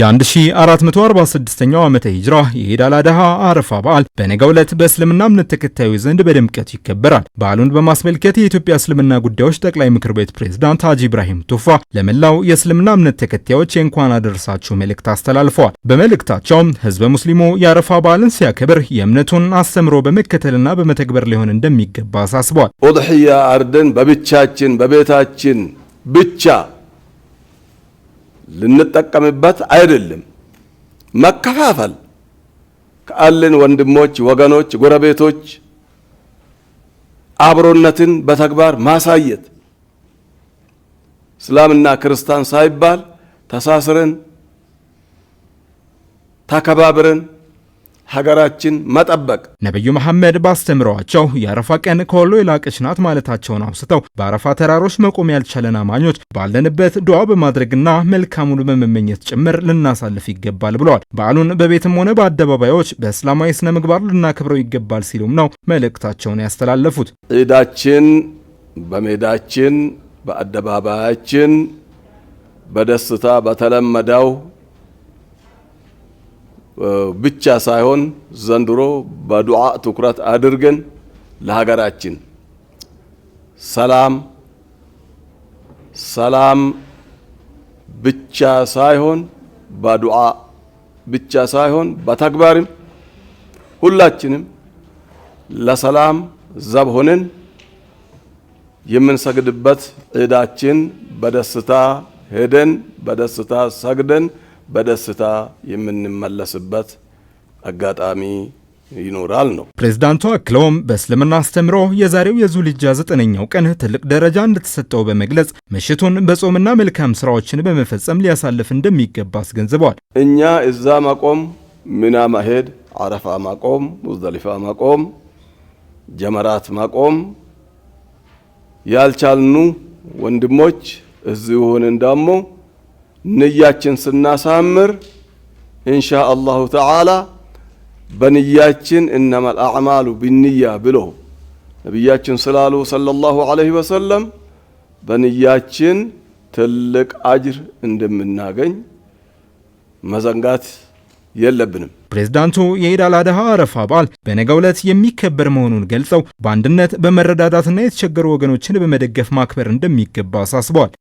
የ1446ኛው ዓመተ ሂጅራ የኢድ አል አድሃ አረፋ በዓል በነገ ዕለት በእስልምና እምነት ተከታዮች ዘንድ በድምቀት ይከበራል። በዓሉን በማስመልከት የኢትዮጵያ እስልምና ጉዳዮች ጠቅላይ ምክር ቤት ፕሬዝዳንት ሀጂ ኢብራሂም ቱፋ ለመላው የእስልምና እምነት ተከታዮች የእንኳን አደረሳችሁ መልእክት አስተላልፈዋል። በመልእክታቸውም ህዝበ ሙስሊሙ የአረፋ በዓልን ሲያከብር የእምነቱን አስተምሮ በመከተልና በመተግበር ሊሆን እንደሚገባ አሳስበዋል። ኡድሕያ አርደን በብቻችን በቤታችን ብቻ ልንጠቀምበት አይደለም። መከፋፈል ካለን ወንድሞች፣ ወገኖች፣ ጎረቤቶች አብሮነትን በተግባር ማሳየት እስላምና ክርስቲያን ሳይባል ተሳስረን ተከባብረን ሀገራችን መጠበቅ። ነቢዩ መሐመድ ባስተምረዋቸው የአረፋ ቀን ከወሎ የላቀች ናት ማለታቸውን አውስተው በአረፋ ተራሮች መቆም ያልቻለን አማኞች ባለንበት ድዋ በማድረግና መልካሙን በመመኘት ጭምር ልናሳልፍ ይገባል ብለዋል። በዓሉን በቤትም ሆነ በአደባባዮች በእስላማዊ ስነ ምግባር ልናከብረው ይገባል ሲሉም ነው መልእክታቸውን ያስተላለፉት። ዒዳችን በሜዳችን፣ በአደባባያችን፣ በደስታ በተለመደው ብቻ ሳይሆን ዘንድሮ በዱዓ ትኩረት አድርገን ለሀገራችን ሰላም ሰላም ብቻ ሳይሆን በዱዓ ብቻ ሳይሆን በተግባርም ሁላችንም ለሰላም ዘብ ሆነን የምንሰግድበት ዒዳችን በደስታ ሄደን በደስታ ሰግደን በደስታ የምንመለስበት አጋጣሚ ይኖራል ነው። ፕሬዝዳንቱ አክለውም በእስልምና አስተምሮ የዛሬው የዙልጃ ዘጠነኛው ቀን ትልቅ ደረጃ እንደተሰጠው በመግለጽ ምሽቱን በጾምና መልካም ስራዎችን በመፈጸም ሊያሳልፍ እንደሚገባ አስገንዝበዋል። እኛ እዛ ማቆም፣ ሚና ማሄድ፣ አረፋ ማቆም፣ ሙዝደሊፋ ማቆም፣ ጀመራት ማቆም ያልቻልኑ ወንድሞች እዚሁ ሆነን ደግሞ ንያችን ስናሳምር ኢንሻ አላሁ ተዓላ በንያችን እነማል አዕማሉ ቢንያ ብሎ ነቢያችን ስላሉ ሰለላሁ ዐለይሂ ወሰለም በንያችን ትልቅ አጅር እንደምናገኝ መዘንጋት የለብንም። ፕሬዝዳንቱ የኢድ አል አድሃ አረፋ በዓል በነገ ዕለት የሚከበር መሆኑን ገልጸው በአንድነት በመረዳዳትና የተቸገሩ ወገኖችን በመደገፍ ማክበር እንደሚገባ አሳስበዋል።